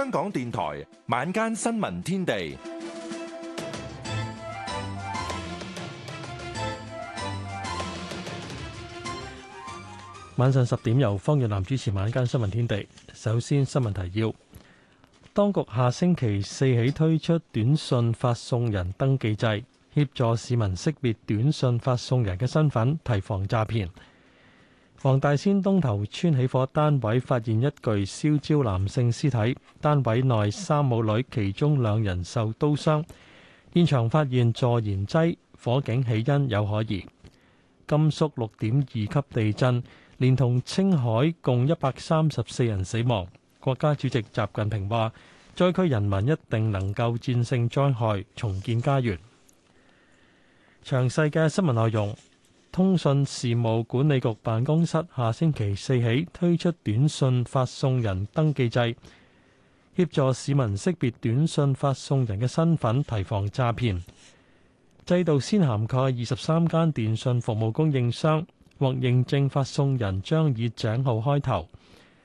香港電台晚間新聞天地，晚上十點由方若男主持晚間新聞天地。首先新聞提要：當局下星期四起推出短信發送人登記制，協助市民識別短信發送人嘅身份，提防詐騙。黃大仙東頭村起火單位發現一具燒焦男性屍體，單位內三母女其中兩人受刀傷，現場發現助燃劑，火警起因有可疑。甘肅六點二級地震，連同青海共一百三十四人死亡。國家主席習近平話：災區人民一定能夠戰勝災害，重建家園。詳細嘅新聞內容。通訊事務管理局辦公室下星期四起推出短信發送人登記制，協助市民識別短信發送人嘅身份，提防詐騙。制度先涵蓋二十三間電信服務供應商，獲認證發送人將以井號開頭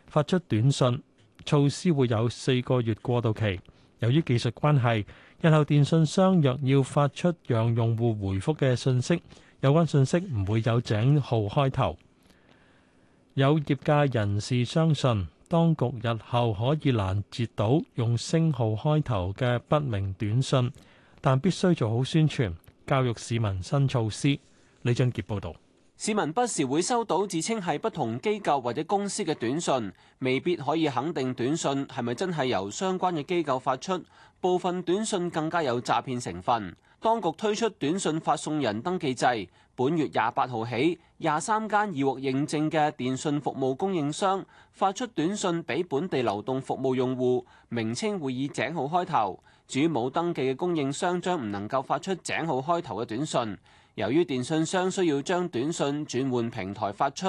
發出短信。措施會有四個月過渡期。由於技術關係，日後電信商若要發出讓用戶回復嘅信息，有關信息唔會有井號開頭。有業界人士相信，當局日後可以攔截到用星號開頭嘅不明短信，但必須做好宣傳教育市民新措施。李俊傑報導。市民不時會收到自稱係不同機構或者公司嘅短信，未必可以肯定短信係咪真係由相關嘅機構發出。部分短信更加有詐騙成分。當局推出短信發送人登記制，本月廿八號起，廿三間已獲認證嘅電信服務供應商發出短信俾本地流動服務用戶，名稱會以井號開頭。至於冇登記嘅供應商將唔能夠發出井號開頭嘅短信。由於電信商需要將短信轉換平台發出，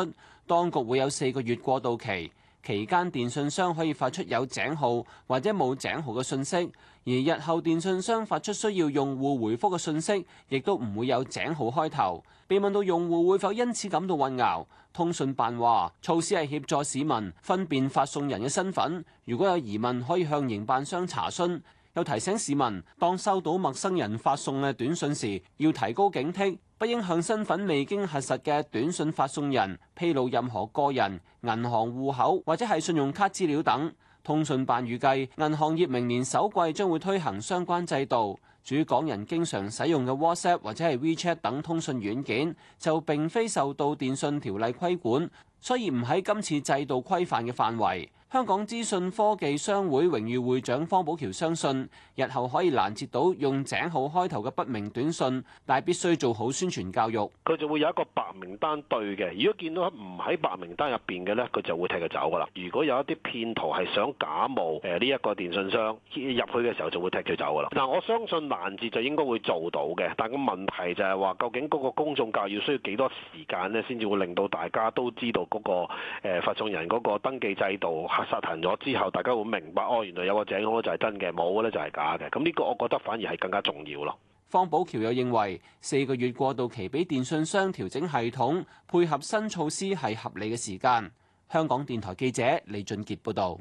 當局會有四個月過渡期，期間電信商可以發出有井號或者冇井號嘅信息，而日後電信商發出需要用戶回覆嘅信息，亦都唔會有井號開頭。被問到用戶會否因此感到混淆，通訊辦話措施係協助市民分辨發送人嘅身份，如果有疑問可以向營辦商查詢。又提醒市民，當收到陌生人發送嘅短信時，要提高警惕，不應向身份未經核實嘅短信發送人披露任何個人、銀行戶口或者係信用卡資料等。通訊辦預計銀行業明年首季將會推行相關制度。至於港人經常使用嘅 WhatsApp 或者係 WeChat 等通訊軟件，就並非受到電訊條例規管，所以唔喺今次制度規範嘅範圍。香港資訊科技商會榮譽會長方寶橋相信，日後可以攔截到用井號開頭嘅不明短信，但係必須做好宣傳教育。佢就會有一個白名單對嘅，如果見到唔喺白名單入邊嘅呢，佢就會踢佢走噶啦。如果有一啲騙徒係想假冒誒呢一個電信商入去嘅時候，就會踢佢走噶啦。嗱，我相信攔截就應該會做到嘅，但係咁問題就係話，究竟嗰個公眾教育需要幾多時間呢？先至會令到大家都知道嗰個誒發送人嗰個登記制度。實行咗之後，大家會明白哦，原來有個井號就係真嘅，冇嘅咧就係假嘅。咁呢個我覺得反而係更加重要咯。方寶橋又認為四個月過渡期俾電信商調整系統，配合新措施係合理嘅時間。香港電台記者李俊傑報導。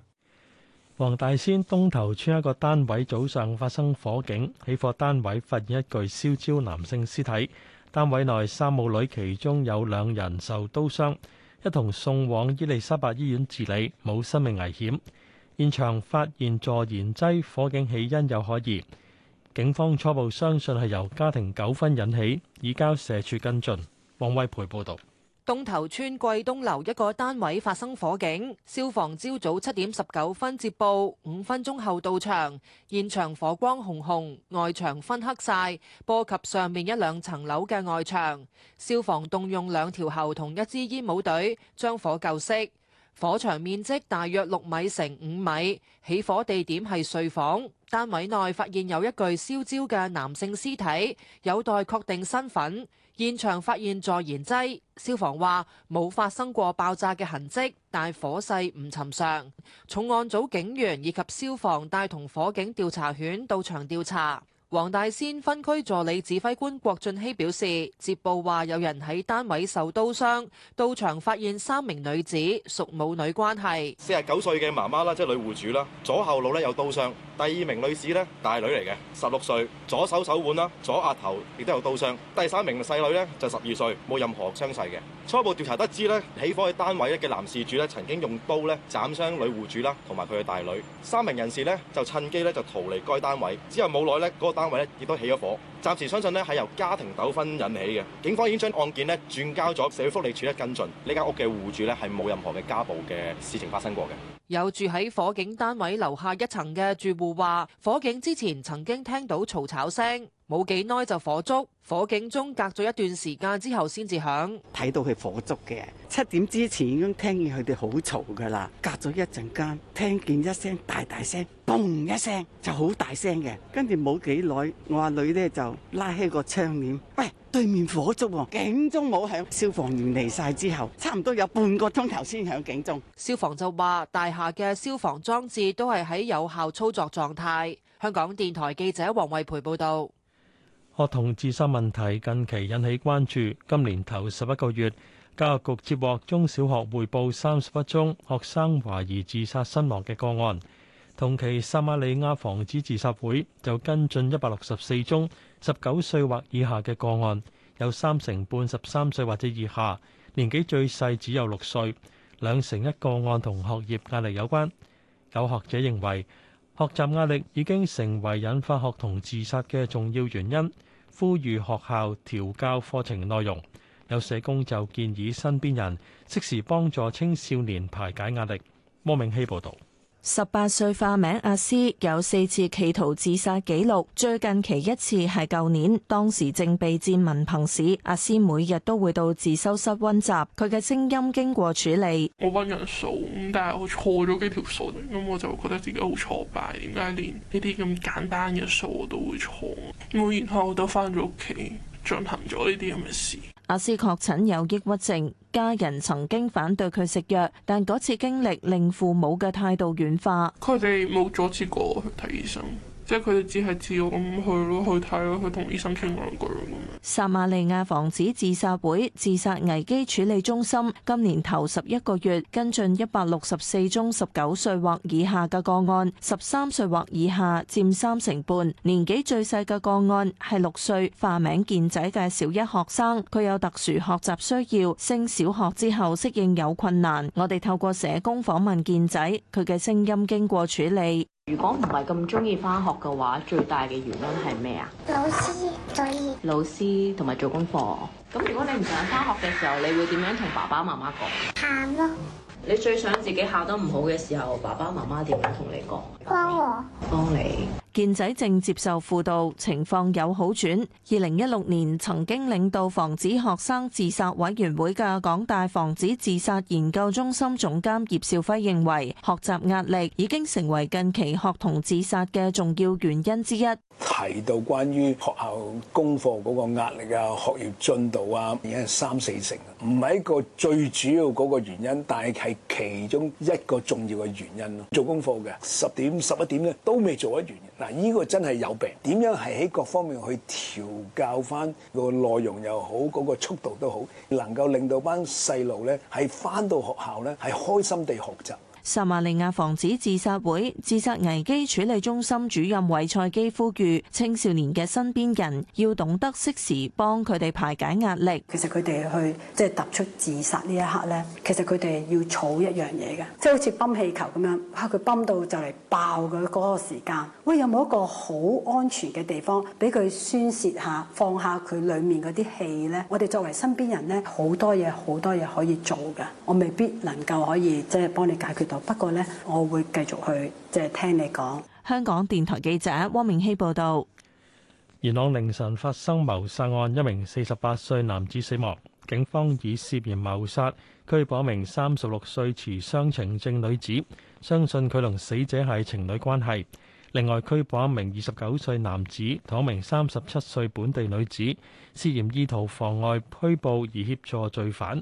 黃大仙東頭村一個單位早上發生火警，起火單位發現一具燒焦男性屍體，單位內三母女其中有兩人受刀傷。一同送往伊利沙伯醫院治理，冇生命危險。現場發現助燃劑，火警起因有可疑。警方初步相信係由家庭糾紛引起，已交社署跟進。王威培報道。東頭村貴東樓一個單位發生火警，消防朝早七點十九分接報，五分鐘後到場，現場火光紅紅，外牆熏黑晒，波及上面一兩層樓嘅外牆。消防動用兩條喉同一支煙霧隊將火救熄。火場面積大約六米乘五米，起火地點係睡房，單位內發現有一具燒焦嘅男性屍體，有待確定身份。現場發現助燃劑，消防話冇發生過爆炸嘅痕跡，但火勢唔尋常。重案組警員以及消防帶同火警調查犬到場調查。黃大仙分區助理指揮官郭俊熙表示，接報話有人喺單位受刀傷，到場發現三名女子屬母女關係。四十九歲嘅媽媽啦，即係女戶主啦，左後腦咧，有刀傷。第二名女士咧，大女嚟嘅，十六歲，左手手腕啦，左額頭亦都有刀傷。第三名細女咧就十二歲，冇任何傷勢嘅。初步調查得知咧，起火嘅單位嘅男事主咧曾經用刀咧斬傷女戶主啦，同埋佢嘅大女。三名人士咧就趁機咧就逃離該單位。之後冇耐咧嗰單。單位亦都起咗火，暫時相信咧係由家庭糾紛引起嘅。警方已經將案件咧轉交咗社會福利處咧跟進。呢間屋嘅戶主咧係冇任何嘅家暴嘅事情發生過嘅。有住喺火警單位樓下一層嘅住戶話，火警之前曾經聽到嘈吵聲。冇幾耐就火燭，火警鐘隔咗一段時間之後先至響。睇到係火燭嘅七點之前已經聽見佢哋好嘈噶啦，隔咗一陣間聽見一聲大大聲，嘣一聲就好大聲嘅。跟住冇幾耐，我阿女呢就拉起個窗簾，喂，對面火燭警鐘冇響，消防員嚟晒之後，差唔多有半個鐘頭先響警鐘。消防就話大廈嘅消防裝置都係喺有效操作狀態。香港電台記者黃慧培報道。學童自殺問題近期引起關注。今年頭十一個月，教育局接獲中小學匯報三十一宗學生懷疑自殺身亡嘅個案。同期，撒瑪利亞防止自殺會就跟進一百六十四宗十九歲或以下嘅個案，有三成半十三歲或者以下，年紀最細只有六歲。兩成一個案同學業壓力有關。有學者認為，學習壓力已經成為引發學童自殺嘅重要原因。呼籲學校調教課程內容，有社工就建議身邊人即時幫助青少年排解壓力。莫明希報道。十八歲化名阿詩有四次企圖自殺記錄，最近期一次係舊年，當時正備戰文憑試。阿詩每日都會到自修室溫習，佢嘅聲音經過處理。我溫人數咁,但係我錯咗幾條數咁,我就覺得自己好挫敗。點解連呢啲咁簡單嘅數我都會錯？咁我然後我都返咗屋企進行咗呢啲咁嘅事。是阿斯確診有抑鬱症，家人曾經反對佢食藥，但嗰次經歷令父母嘅態度軟化。佢哋冇阻止過去睇醫生。即係佢哋只係照咁去咯，去睇咯，去同醫生傾兩句咁。撒瑪利亞防止自殺會自殺危機處理中心今年頭十一個月跟進一百六十四宗十九歲或以下嘅個案，十三歲或以下佔三成半，年紀最細嘅個案係六歲化名健仔嘅小一學生，佢有特殊學習需要，升小學之後適應有困難。我哋透過社工訪問健仔，佢嘅聲音經過處理。如果唔係咁中意翻學嘅話，最大嘅原因係咩啊？老師作業，老師同埋做功課。咁如果你唔想翻學嘅時候，你會點樣同爸爸媽媽講？喊咯，啊！你最想自己考得唔好嘅時候，爸爸媽媽點樣同你講？幫我，幫你。健仔正接受輔導情況有好轉。二零一六年曾經領導防止學生自殺委員會嘅港大防止自殺研究中心總監葉兆輝認為學習壓力已經成為近期學童自殺嘅重要原因之一。提到關於學校功課嗰個壓力啊、學業進度啊，已經係三四成，唔係一個最主要嗰個原因，但係其中一個重要嘅原因咯。做功課嘅十點十一點咧都未做得完。嗱，呢個真係有病，點樣係喺各方面去調教翻個內容又好，嗰個速度都好，能夠令到班細路咧係翻到學校咧係開心地學習。撒瑪利亞防止自殺會自殺危機處理中心主任韋賽基呼籲青少年嘅身邊人要懂得適時幫佢哋排解壓力，其。其實佢哋去即係突出自殺呢一刻咧，其實佢哋要儲一樣嘢嘅，即係好似泵氣球咁樣，吓佢泵到就嚟爆嘅嗰個時間。喂，有冇一個好安全嘅地方俾佢宣泄下，放下佢裏面嗰啲氣咧？我哋作為身邊人咧，好多嘢，好多嘢可以做㗎，我未必能夠可以即係幫你解決到。不過呢，我會繼續去即係、就是、聽你講。香港電台記者汪明希報道：元朗凌晨發生謀殺案，一名四十八歲男子死亡，警方以涉嫌謀殺拘捕一名三十六歲持雙程證女子，相信佢同死者係情侶關係。另外拘捕一名二十九歲男子同一名三十七歲本地女子，涉嫌意圖妨礙拘捕而協助罪犯。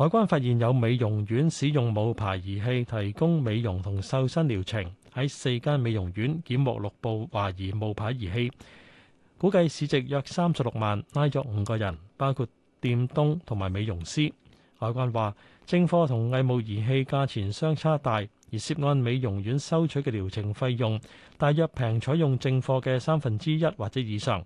海關發現有美容院使用冒牌儀器提供美容同瘦身療程，喺四間美容院檢獲六部懷疑冒牌儀器，估計市值約三十六萬，拉咗五個人，包括店東同埋美容師。海關話，正貨同偽冒儀器價錢相差大，而涉案美容院收取嘅療程費用大約平採用正貨嘅三分之一或者以上。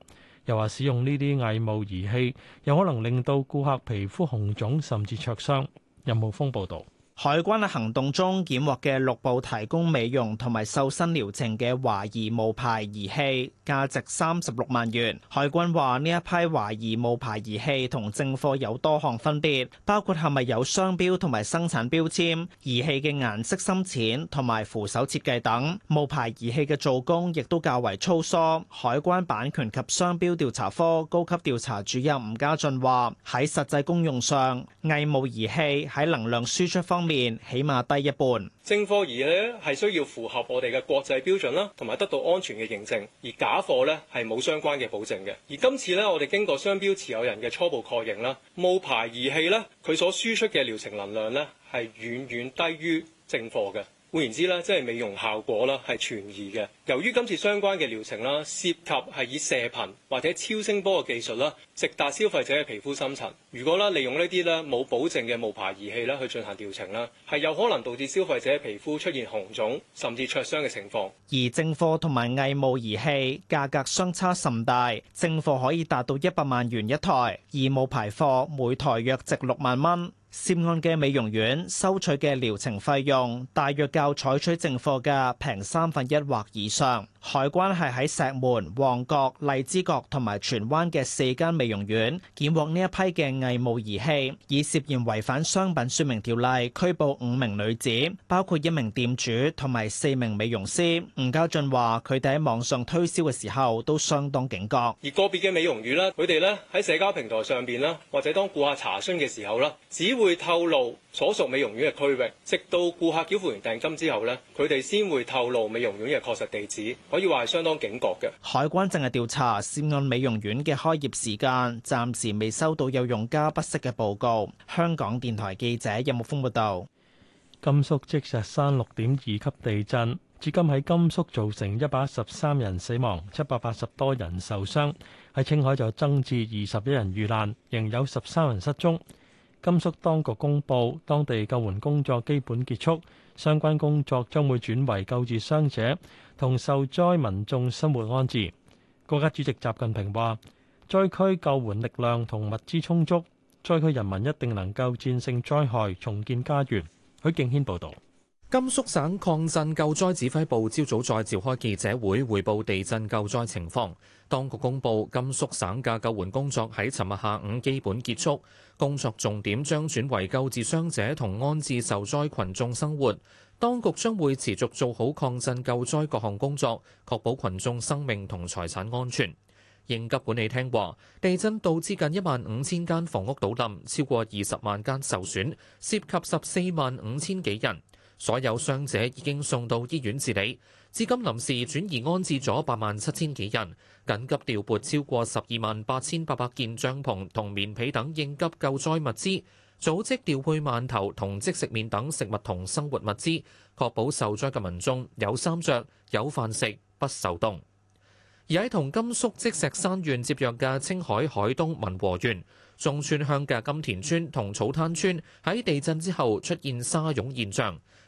又話使用呢啲偽冒儀器，有可能令到顧客皮膚紅腫，甚至灼傷。任浩峯報導。海關喺行動中檢獲嘅六部提供美容同埋瘦身療程嘅華儀冒牌儀器，價值三十六萬元。海關話呢一批華儀冒牌儀器同正貨有多項分別，包括係咪有商標同埋生產標籤、儀器嘅顏色深淺同埋扶手設計等。冒牌儀器嘅造工亦都較為粗疏。海關版權及商標調查科高級調查主任吳家俊話：喺實際功用上，偽冒儀器喺能量輸出方面面起碼低一半。正貨儀咧係需要符合我哋嘅國際標準啦，同埋得到安全嘅認證。而假貨咧係冇相關嘅保證嘅。而今次咧，我哋經過商標持有人嘅初步確認啦，冒牌儀器咧佢所輸出嘅療程能量咧係遠遠低於正貨嘅。換言之咧，即係美容效果啦，係存疑嘅。由於今次相關嘅療程啦，涉及係以射頻或者超聲波嘅技術啦，直達消費者嘅皮膚深層。如果咧利用呢啲咧冇保證嘅無牌儀器咧去進行療程啦，係有可能導致消費者嘅皮膚出現紅腫甚至灼傷嘅情況。而正貨同埋偽冒儀器價格相差甚大，正貨可以達到一百萬元一台，而冒牌貨每台約值六萬蚊。涉案嘅美容院收取嘅療程費用，大約較採取正貨嘅平三分一或以上。海關係喺石門、旺角、荔枝角同埋荃灣嘅四間美容院，檢獲呢一批嘅偽冒儀器，以涉嫌違反商品説明條例，拘捕五名女子，包括一名店主同埋四名美容師。吳家俊話：佢哋喺網上推銷嘅時候都相當警覺，而個別嘅美容院呢，佢哋呢喺社交平台上邊啦，或者當顧客查詢嘅時候啦，只會透露所屬美容院嘅區域，直到顧客繳付完訂金之後呢，佢哋先會透露美容院嘅確實地址。可以話係相當警覺嘅。海關正係調查涉案美容院嘅開業時間，暫時未收到有用家不適嘅報告。香港電台記者任木峯報道。甘肅積石山六點二級地震，至今喺甘肅造成一百一十三人死亡，七百八十多人受傷。喺青海就增至二十一人遇難，仍有十三人失蹤。甘肅當局公佈，當地救援工作基本結束。相關工作將會轉為救治傷者同受災民眾生活安置。國家主席習近平話：災區救援力量同物資充足，災區人民一定能夠戰勝災害，重建家園。許敬軒報導。甘肅省抗震救災指揮部朝早再召開記者會，彙報地震救災情況。當局公佈，甘肅省嘅救援工作喺尋日下午基本結束，工作重點將轉為救治傷者同安置受災羣眾生活。當局將會持續做好抗震救災各項工作，確保羣眾生命同財產安全。應急管理廳話，地震導致近一萬五千間房屋倒冧，超過二十萬間受損，涉及十四萬五千幾人。所有傷者已經送到醫院治理，至今臨時轉移安置咗八萬七千幾人，緊急調撥超過十二萬八千八百件帳篷同棉被等應急救災物資，組織調配饅頭同即食麵等食物同生活物資，確保受災嘅民眾有衫着、有飯食、不受凍。而喺同甘肅積石山縣接壤嘅青海海東民和縣中川鄉嘅金田村同草灘村喺地震之後出現沙湧現象。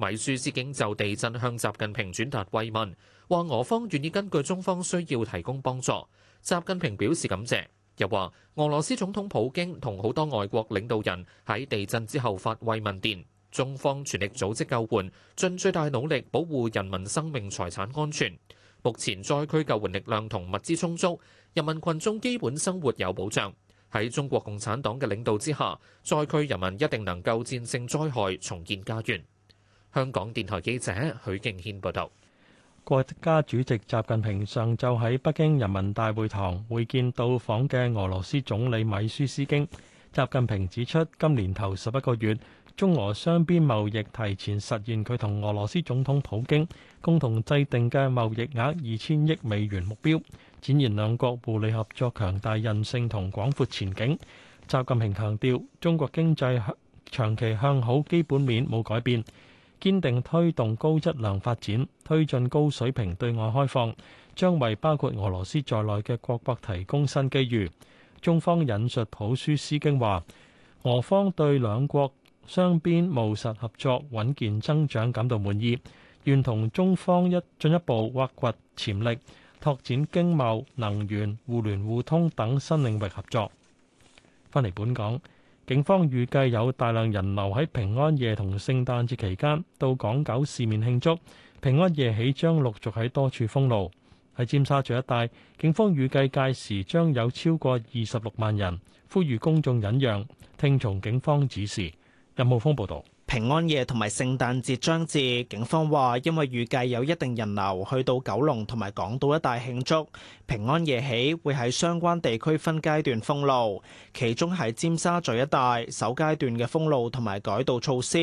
米舒斯京就地震向習近平轉達慰問，話俄方願意根據中方需要提供幫助。習近平表示感謝，又話俄羅斯總統普京同好多外國領導人喺地震之後發慰問電。中方全力組織救援，盡最大努力保護人民生命財產安全。目前災區救援力量同物資充足，人民群眾基本生活有保障。喺中國共產黨嘅領導之下，災區人民一定能夠戰勝災害，重建家園。香港電台記者許敬軒報道，國家主席習近平上晝喺北京人民大會堂會見到訪嘅俄羅斯總理米舒斯京。習近平指出，今年頭十一個月，中俄雙邊貿易提前實現佢同俄羅斯總統普京共同制定嘅貿易額二千億美元目標，展現兩國互利合作強大韌性同廣闊前景。習近平強調，中國經濟長期向好基本面冇改變。堅定推動高質量發展，推進高水平對外開放，將為包括俄羅斯在內嘅各國提供新機遇。中方引述普京時話，俄方對兩國雙邊務實合作穩健增長感到滿意，願同中方一進一步挖掘潛力，拓展經貿、能源、互聯互通等新領域合作。翻嚟本港。警方預計有大量人流喺平安夜同聖誕節期間到港九市面慶祝，平安夜起將陸續喺多處封路。喺尖沙咀一帶，警方預計屆時將有超過二十六萬人，呼籲公眾忍讓，聽從警方指示。任慕峰報導。平安夜同埋聖誕節將至，警方話，因為預計有一定人流去到九龍同埋港島一帶慶祝平安夜起，會喺相關地區分階段封路，其中喺尖沙咀一帶首階段嘅封路同埋改道措施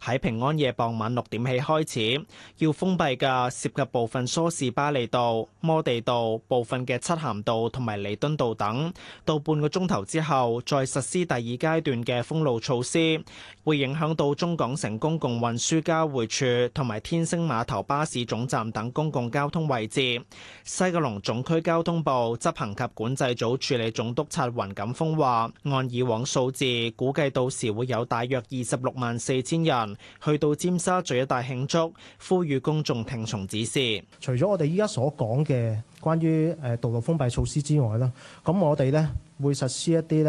喺平安夜傍晚六點起開始，要封閉嘅涉及部分梳士巴利道、摩地道、部分嘅漆咸道同埋彌敦道等，到半個鐘頭之後再實施第二階段嘅封路措施，會影響到中。中港城公共運輸交匯處同埋天星碼頭巴士總站等公共交通位置，西九龍總區交通部執行及管制組處理總督察雲錦峰話：按以往數字，估計到時會有大約二十六萬四千人去到尖沙咀一帶慶祝，呼籲公眾聽從指示。除咗我哋依家所講嘅關於誒道路封閉措施之外啦，咁我哋呢。會實施一啲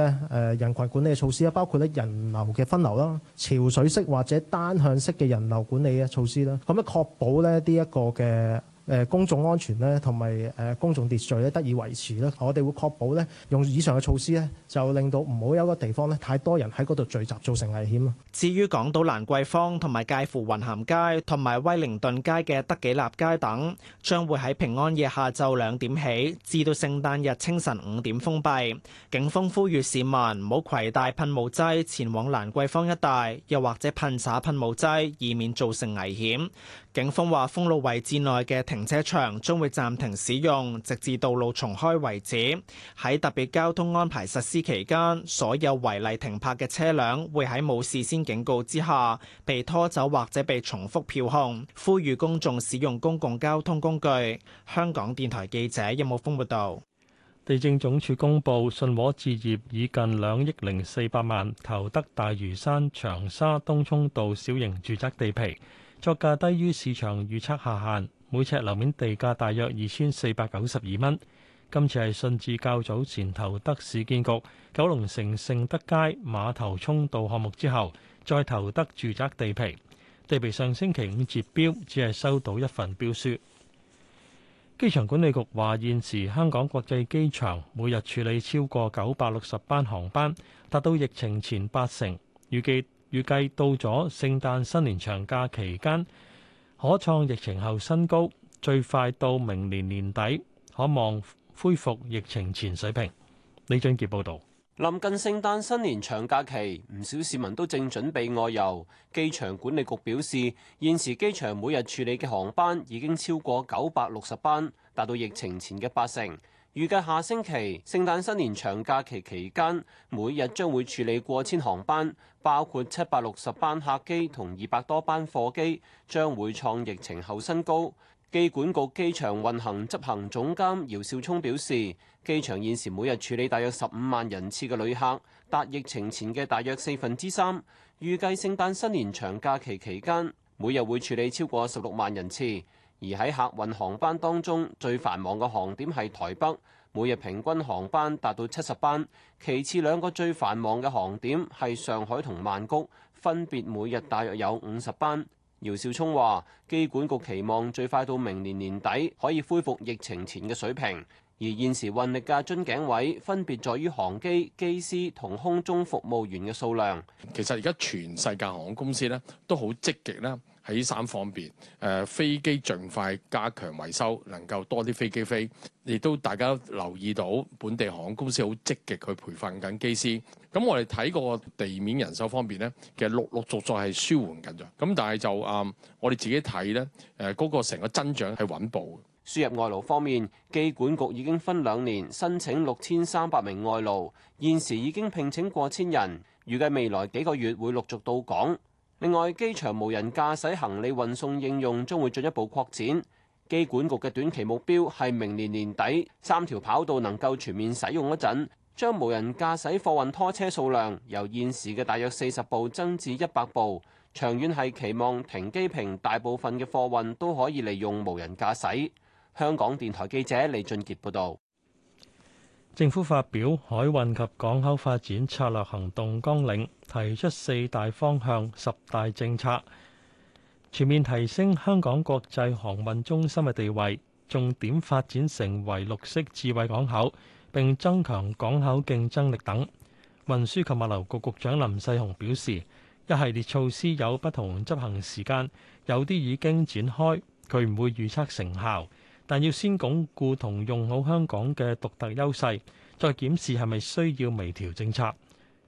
人群管理嘅措施，包括人流嘅分流、潮水式或者單向式嘅人流管理嘅措施啦，噉樣確保咧呢一個嘅。誒公眾安全咧，同埋誒公眾秩序咧得以維持咧，我哋會確保咧用以上嘅措施咧，就令到唔好有個地方咧太多人喺嗰度聚集，造成危險。至於港島蘭桂坊同埋介乎雲咸街同埋威靈頓街嘅德己立街等，將會喺平安夜下晝兩點起至到聖誕日清晨五點封閉。警方呼籲市民唔好攜帶噴霧劑前往蘭桂坊一帶，又或者噴灑噴霧劑，以免造成危險。警方話封路位置內嘅停車場將會暫停使用，直至道路重開為止。喺特別交通安排實施期間，所有違例停泊嘅車輛會喺冇事先警告之下被拖走或者被重複票控。呼籲公眾使用公共交通工具。香港電台記者任武峯報道。地政總署公佈，信和置業以近兩億零四百萬投得大嶼山長沙東涌道小型住宅地皮。作價低於市場預測下限，每尺樓面地價大約二千四百九十二蚊。今次係順治較早前投得市建局九龍城盛德街馬頭涌道項目之後，再投得住宅地皮。地皮上星期五截標，只係收到一份標書。機場管理局話，現時香港國際機場每日處理超過九百六十班航班，達到疫情前八成，預計。預計到咗聖誕新年長假期間，可創疫情後新高，最快到明年年底，可望恢復疫情前水平。李俊傑報導。臨近聖誕新年長假期，唔少市民都正準備外遊。機場管理局表示，現時機場每日處理嘅航班已經超過九百六十班，達到疫情前嘅八成。預計下星期聖誕新年長假期期間，每日將會處理過千航班，包括七百六十班客機同二百多班貨機，將會創疫情後新高。機管局機場運行執行總監姚少聰表示，機場現時每日處理大約十五萬人次嘅旅客，達疫情前嘅大約四分之三。預計聖誕新年長假期期間，每日會處理超過十六萬人次。而喺客運航班當中，最繁忙嘅航點係台北，每日平均航班達到七十班。其次兩個最繁忙嘅航點係上海同曼谷，分別每日大約有五十班。姚少聰話：機管局期望最快到明年年底可以恢復疫情前嘅水平。而現時運力嘅樽頸位分別在於航機、機師同空中服務員嘅數量。其實而家全世界航空公司呢都好積極啦。喺三方面，誒、啊、飛機盡快加強維修，能夠多啲飛機飛，亦都大家留意到本地航空公司好積極去培訓緊機師。咁我哋睇過地面人手方面呢，其實陸陸續續係舒緩緊咗。咁但係就誒、啊，我哋自己睇呢誒嗰、那個成個增長係穩步。輸入外勞方面，機管局已經分兩年申請六千三百名外勞，現時已經聘請過千人，預計未來幾個月會陸續到港。另外，機場無人駕駛行李運送應用將會進一步擴展。機管局嘅短期目標係明年年底，三條跑道能夠全面使用嗰陣，將無人駕駛貨運拖車數量由現時嘅大約四十部增至一百部。長遠係期望停機坪大部分嘅貨運都可以利用無人駕駛。香港電台記者李俊傑報道。政府發表海運及港口發展策略行動綱領。提出四大方向、十大政策，全面提升香港國際航運中心嘅地位，重點發展成為綠色智慧港口，並增強港口競爭力等。運輸及物流局局長林世雄表示，一系列措施有不同執行時間，有啲已經展開，佢唔會預測成效，但要先鞏固同用好香港嘅獨特優勢，再檢視係咪需要微調政策。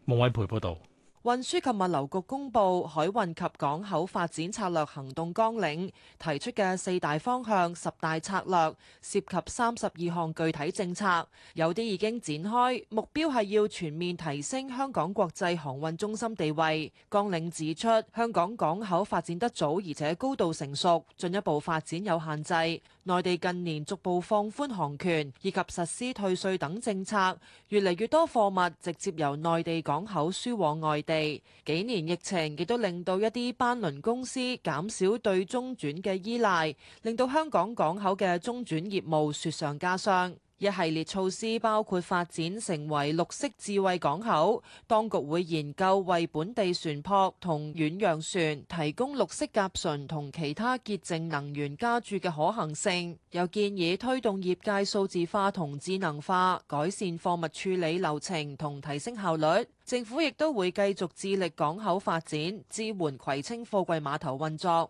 孟偉培報道。運輸及物流局公布《海運及港口發展策略行動綱領》，提出嘅四大方向、十大策略，涉及三十二項具體政策，有啲已經展開。目標係要全面提升香港國際航運中心地位。綱領指出，香港港口發展得早而且高度成熟，進一步發展有限制。內地近年逐步放寬航權以及實施退稅等政策，越嚟越多貨物直接由內地港口輸往外地。幾年疫情亦都令到一啲班輪公司減少對中轉嘅依賴，令到香港港口嘅中轉業務雪上加霜。一系列措施，包括發展成為綠色智慧港口，當局會研究為本地船舶同遠洋船提供綠色甲醇同其他潔淨能源加注嘅可行性，又建議推動業界數字化同智能化，改善貨物處理流程同提升效率。政府亦都會繼續致力港口發展，支援葵青貨櫃碼頭運作。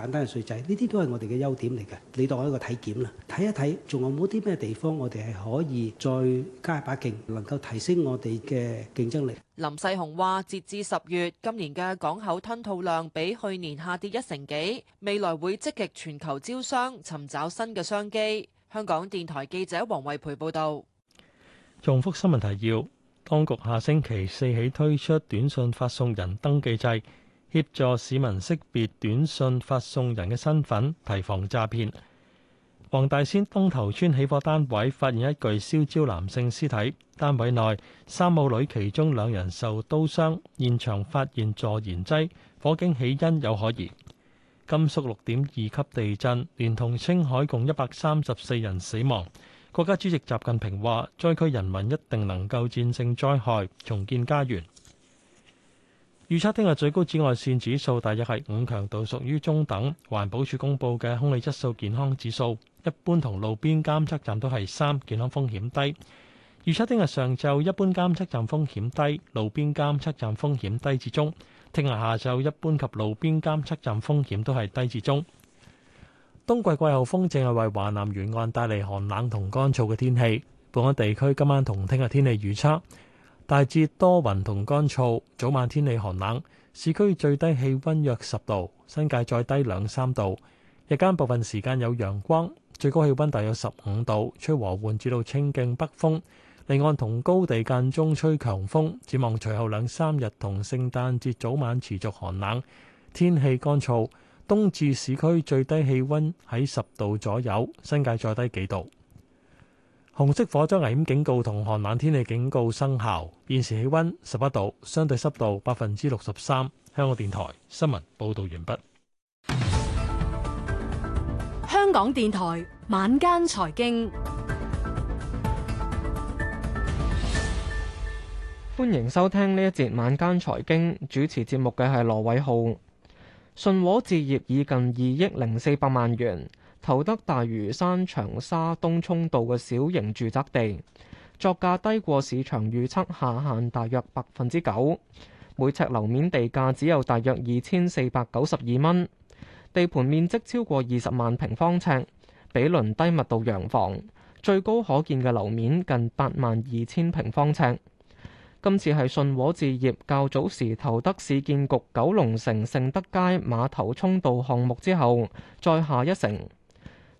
簡單嘅稅制，呢啲都係我哋嘅優點嚟嘅。你當係一個體檢啦，睇一睇仲有冇啲咩地方，我哋係可以再加一把勁，能夠提升我哋嘅競爭力。林世雄話：截至十月，今年嘅港口吞吐量比去年下跌一成幾，未來會積極全球招商，尋找新嘅商機。香港電台記者黃惠培報道。重複新聞提要：當局下星期四起推出短信發送人登記制。協助市民識別短信發送人嘅身份，提防詐騙。黃大仙東頭村起火單位發現一具燒焦男性屍體，單位內三母女其中兩人受刀傷，現場發現助燃劑，火警起因有可疑。甘肅六點二級地震，連同青海共一百三十四人死亡。國家主席習近平話：災區人民一定能夠戰勝災害，重建家園。預測聽日最高紫外線指數大約係五強度，屬於中等。環保署公布嘅空氣質素健康指數一般同路邊監測站都係三，健康風險低。預測聽日上晝一般監測站風險低，路邊監測站風險低至中。聽日下晝一般及路邊監測站風險都係低至中。冬季季候風正係為華南沿岸帶嚟寒冷同乾燥嘅天氣。本港地區今晚同聽日天氣預測。大致多雲同乾燥，早晚天氣寒冷，市區最低氣温約十度，新界再低兩三度。日間部分時間有陽光，最高氣温大約十五度，吹和緩至到清勁北風。離岸同高地間中吹強風。展望隨後兩三日同聖誕節早晚持續寒冷，天氣乾燥。冬至市區最低氣温喺十度左右，新界再低幾度。紅色火災危險警告同寒冷天氣警告生效。現時氣溫十一度，相對濕度百分之六十三。香港電台新聞報道完畢。香港電台晚間財經，歡迎收聽呢一節晚間財經。主持節目嘅係羅偉浩。信和置業以近二億零四百萬元。投得大嶼山長沙東涌道嘅小型住宅地，作價低過市場預測下限，大約百分之九，每尺樓面地價只有大約二千四百九十二蚊。地盤面積超過二十萬平方尺，比鄰低密度洋房，最高可建嘅樓面近八萬二千平方尺。今次係信和置業較早時投得市建局九龍城盛德街馬頭涌道項目之後，再下一城。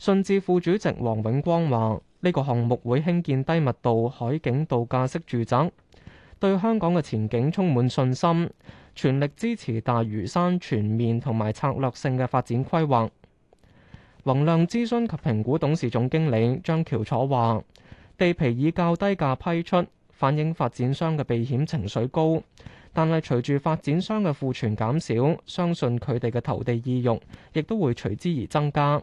順置副主席黃永光話：呢、這個項目會興建低密度海景度假式住宅，對香港嘅前景充滿信心，全力支持大嶼山全面同埋策略性嘅發展規劃。宏亮諮詢及評估董事總經理張喬楚話：地皮以較低價批出，反映發展商嘅避險情緒高，但係隨住發展商嘅庫存減少，相信佢哋嘅投地意欲亦都會隨之而增加。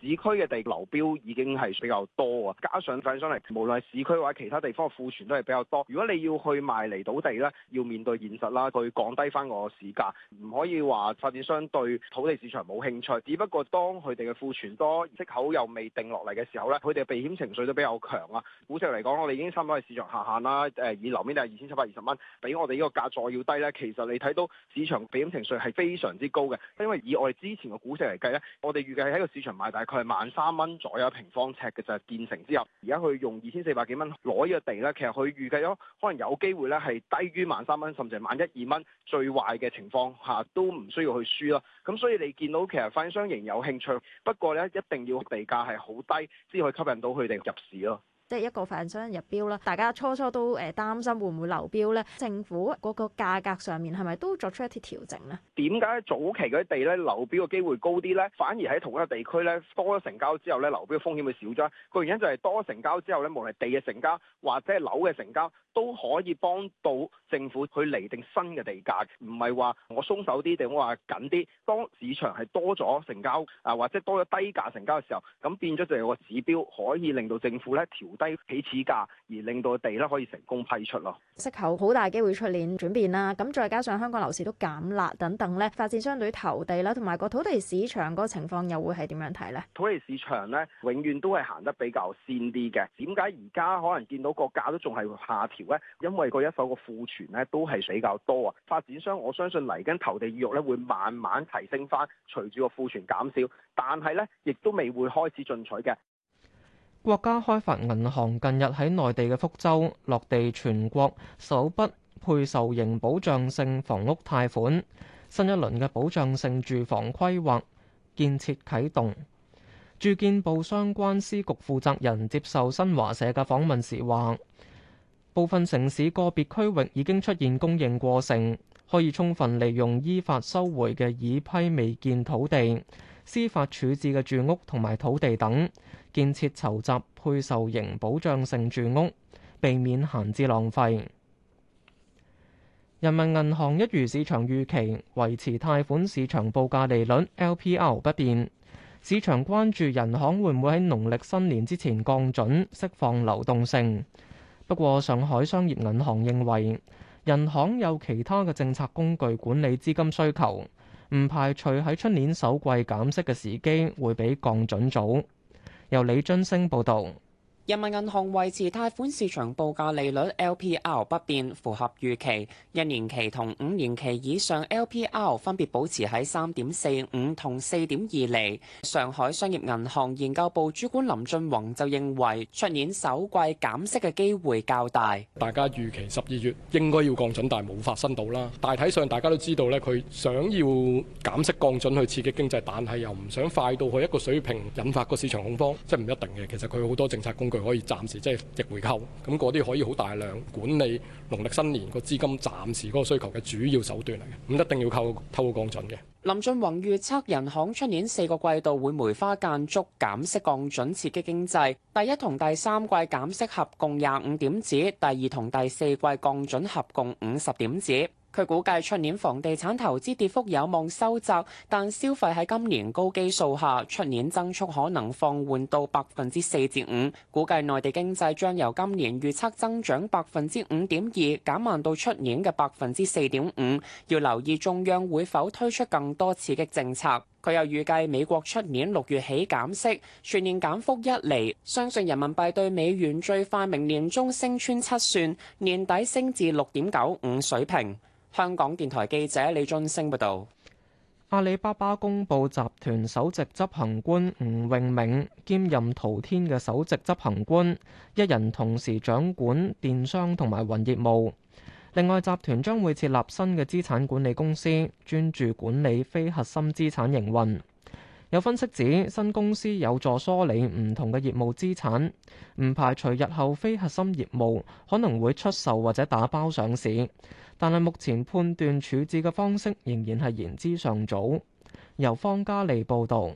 市區嘅地流標已經係比較多啊，加上發展商嚟，無論係市區或者其他地方嘅庫存都係比較多。如果你要去賣離島地咧，要面對現實啦，去降低翻個市價，唔可以話發展商對土地市場冇興趣。只不過當佢哋嘅庫存多，息口又未定落嚟嘅時候咧，佢哋嘅避險情緒都比較強啊。估值嚟講，我哋已經差唔多係市場下限啦。誒，以樓面價二千七百二十蚊，比我哋呢個價再要低咧，其實你睇到市場避險情緒係非常之高嘅，因為以我哋之前嘅估值嚟計咧，我哋預計喺個市場賣大。佢係萬三蚊左右平方尺嘅就係，建成之後，而家佢用二千四百幾蚊攞依個地咧，其實佢預計咗可能有機會咧係低於萬三蚊，甚至萬一二蚊，最壞嘅情況下都唔需要去輸啦。咁所以你見到其實發展商仍有興趣，不過咧一定要地價係好低先可以吸引到佢哋入市咯。即係一個發展商入標啦，大家初初都誒擔心會唔會流標咧？政府嗰個價格上面係咪都作出一啲調整咧？點解早期嗰啲地咧流標嘅機會高啲咧？反而喺同一個地區咧多咗成交之後咧流標嘅風險會少咗。個原因就係多成交之後咧，無論係地嘅成交或者係樓嘅成交都可以幫到政府去厘定新嘅地價，唔係話我鬆手啲定我話緊啲。當市場係多咗成交啊，或者多咗低價成交嘅時候，咁變咗就係個指標可以令到政府咧調。低起始價而令到地咧可以成功批出咯，息口好大機會出年轉變啦。咁再加上香港樓市都減辣等等咧，發展商對投地啦，同埋個土地市場個情況又會係點樣睇咧？土地市場咧永遠都係行得比較先啲嘅。點解而家可能見到個價都仲係下調咧？因為嗰一手個庫存咧都係比較多啊。發展商我相信嚟緊投地意欲咧會慢慢提升返，隨住個庫存減少，但係咧亦都未會開始進取嘅。國家開發銀行近日喺內地嘅福州落地全國首筆配售型保障性房屋貸款，新一輪嘅保障性住房規劃建設啟動。住建部相關司局負責人接受新華社嘅訪問時話：部分城市個別區域已經出現供應過剩，可以充分利用依法收回嘅已批未建土地、司法處置嘅住屋同埋土地等。建設籌集配售型保障性住屋，避免閒置浪費。人民銀行一如市場預期，維持貸款市場報價利率 LPR 不變。市場關注人行會唔會喺農曆新年之前降準釋放流動性。不過，上海商業銀行認為人行有其他嘅政策工具管理資金需求，唔排除喺出年首季減息嘅時機會比降準早。由李津升報道。人民銀行維持貸款市場報價利率 LPR 不變，符合預期。一年期同五年期以上 LPR 分別保持喺三點四五同四點二厘。上海商業銀行研究部主管林俊宏就認為，出年首季減息嘅機會較大。大家預期十二月應該要降準，但係冇發生到啦。大體上大家都知道咧，佢想要減息降準去刺激經濟，但係又唔想快到去一個水平，引發個市場恐慌，即係唔一定嘅。其實佢好多政策工具。可以暫時即係逆回購，咁嗰啲可以好大量管理農曆新年個資金，暫時嗰個需求嘅主要手段嚟嘅，咁一定要靠透過降準嘅。林俊宏預測，人行出年四個季度會梅花間竹減息降準刺激經濟，第一同第三季減息合共廿五點子，第二同第四季降準合共五十點子。佢估計出年房地產投資跌幅有望收窄，但消費喺今年高基數下，出年增速可能放緩到百分之四至五。估計內地經濟將由今年預測增長百分之五點二減慢到出年嘅百分之四點五。要留意中央會否推出更多刺激政策。佢又預計美國出年六月起減息，全年減幅一厘。相信人民幣對美元最快明年中升穿七算，年底升至六點九五水平。香港電台記者李俊升報道：阿里巴巴公布集團首席執行官吳泳銘兼任淘天嘅首席執行官，一人同時掌管電商同埋雲業務。另外，集團將會設立新嘅資產管理公司，專注管理非核心資產營運。有分析指，新公司有助梳理唔同嘅業務資產，唔排除日後非核心業務可能會出售或者打包上市。但係目前判斷處置嘅方式仍然係言之尚早。由方嘉利報道。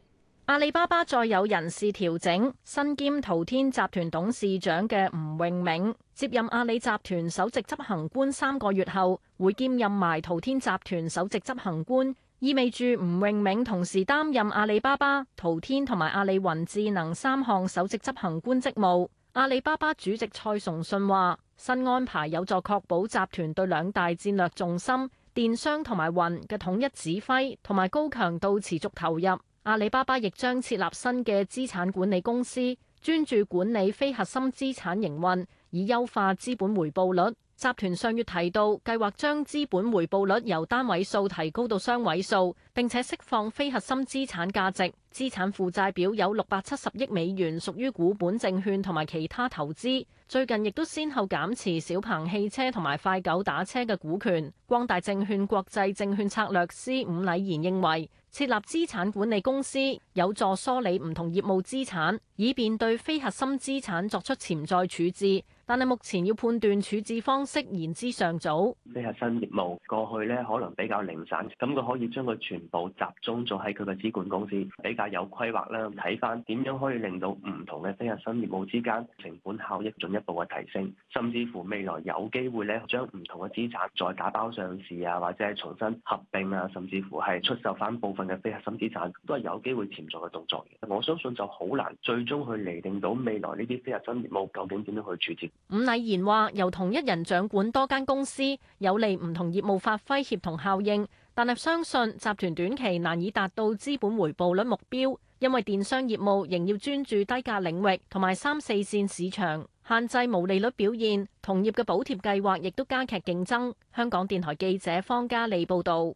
阿里巴巴再有人事調整，身兼淘天集團董事長嘅吳泳銘接任阿里集團首席執行官三個月後，會兼任埋淘天集團首席執行官，意味住吳泳銘同時擔任阿里巴巴、淘天同埋阿里雲智能三項首席執行官職務。阿里巴巴主席蔡崇信話：新安排有助確保集團對兩大戰略重心電商同埋雲嘅統一指揮同埋高強度持續投入。阿里巴巴亦將設立新嘅資產管理公司，專注管理非核心資產營運，以優化資本回報率。集團上月提到計劃將資本回報率由單位數提高到雙位數，並且釋放非核心資產價值。資產負債表有六百七十億美元屬於股本證券同埋其他投資。最近亦都先後減持小鵬汽車同埋快狗打車嘅股權。光大證券國際證券策略師伍禮賢認為。設立資產管理公司，有助梳理唔同業務資產，以便對非核心資產作出潛在處置。但係目前要判斷處置方式，言之尚早。非核心業務過去咧可能比較零散，咁佢可以將佢全部集中咗喺佢嘅資管公司，比較有規劃啦。睇翻點樣可以令到唔同嘅非核心業務之間成本效益進一步嘅提升，甚至乎未來有機會咧將唔同嘅資產再打包上市啊，或者係重新合併啊，甚至乎係出售翻部分嘅非核心資產，都係有機會潛在嘅動作嘅。我相信就好難最終去釐定到未來呢啲非核心業務究竟點樣去處置。伍禮賢話：由同一人掌管多間公司，有利唔同業務發揮協同效應，但係相信集團短期難以達到資本回報率目標，因為電商業務仍要專注低價領域同埋三四線市場，限制毛利率表現。同業嘅補貼計劃亦都加劇競爭。香港電台記者方嘉利報道。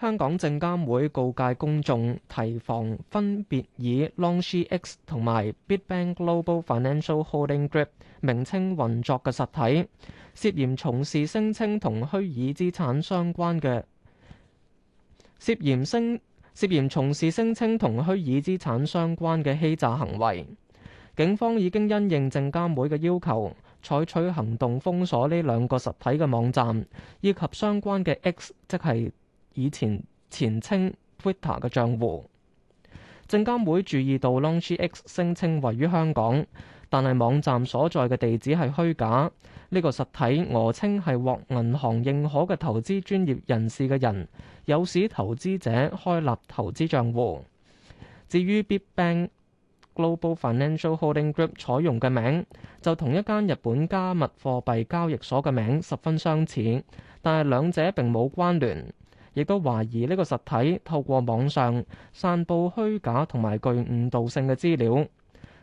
香港證監會告誡公眾提防，分別以 Longshe X 同埋 Big Bang Global Financial Holding Group 名稱運作嘅實體涉嫌從事聲稱同虛擬資產相關嘅涉嫌聲涉嫌從事聲稱同虛擬資產相關嘅欺詐行為。警方已經因應證監會嘅要求，採取行動封鎖呢兩個實體嘅網站以及相關嘅 X，即係。以前前稱 Twitter 嘅賬戶，證監會注意到 Launch X 聲稱位於香港，但係網站所在嘅地址係虛假。呢、這個實體訛稱係獲銀行認可嘅投資專業人士嘅人，誘使投資者開立投資賬戶。至於 Big Bang Global Financial Holding Group 採用嘅名，就同一間日本加密貨幣交易所嘅名十分相似，但係兩者並冇關聯。亦都懷疑呢個實體透過網上散佈虛假同埋具誤導性嘅資料。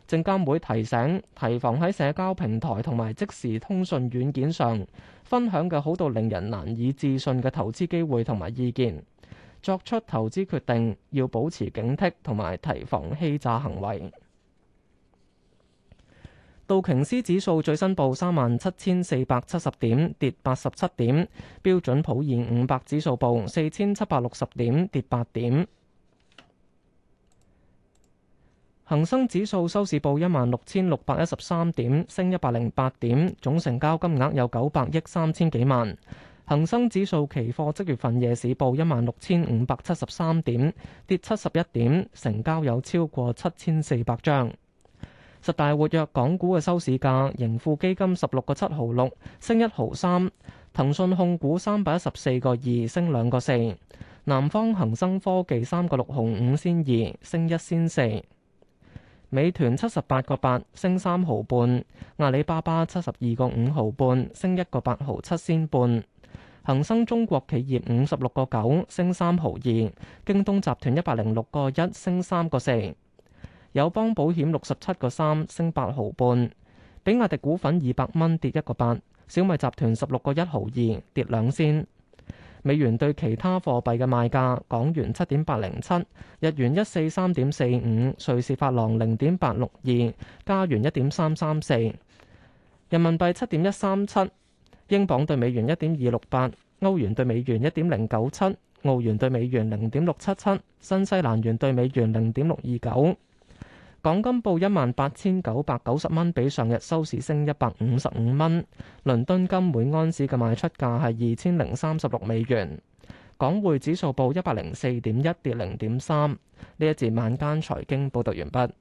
證監會提醒，提防喺社交平台同埋即時通訊軟件上分享嘅好到令人難以置信嘅投資機會同埋意見，作出投資決定要保持警惕同埋提防欺詐行為。道瓊斯指數最新報三萬七千四百七十點，跌八十七點；標準普爾五百指數報四千七百六十點，跌八點。恒生指數收市報一萬六千六百一十三點，升一百零八點，總成交金額有九百億三千幾萬。恒生指數期貨即月份夜市報一萬六千五百七十三點，跌七十一點，成交有超過七千四百張。十大活躍港股嘅收市價，盈富基金十六個七毫六，升一毫三；騰訊控股三百一十四個二，升兩個四；南方恒生科技三個六毫五仙二，升一仙四；美團七十八個八，升三毫半；阿里巴巴七十二個五毫半，升一個八毫七仙半；恒生中國企業五十六個九，升三毫二；京東集團一百零六個一，升三個四。友邦保險六十七個三，升八毫半。比亞迪股份二百蚊跌一個八。小米集團十六個一毫二跌兩仙。美元對其他貨幣嘅賣價，港元七點八零七，日元一四三點四五，瑞士法郎零點八六二，加元一點三三四，人民幣七點一三七，英鎊對美元一點二六八，歐元對美元一點零九七，澳元對美元零點六七七，新西蘭元對美元零點六二九。港金報一萬八千九百九十蚊，比上日收市升一百五十五蚊。倫敦金每安士嘅賣出價係二千零三十六美元。港匯指數報一百零四點一，跌零點三。呢一節晚間財經報導完畢。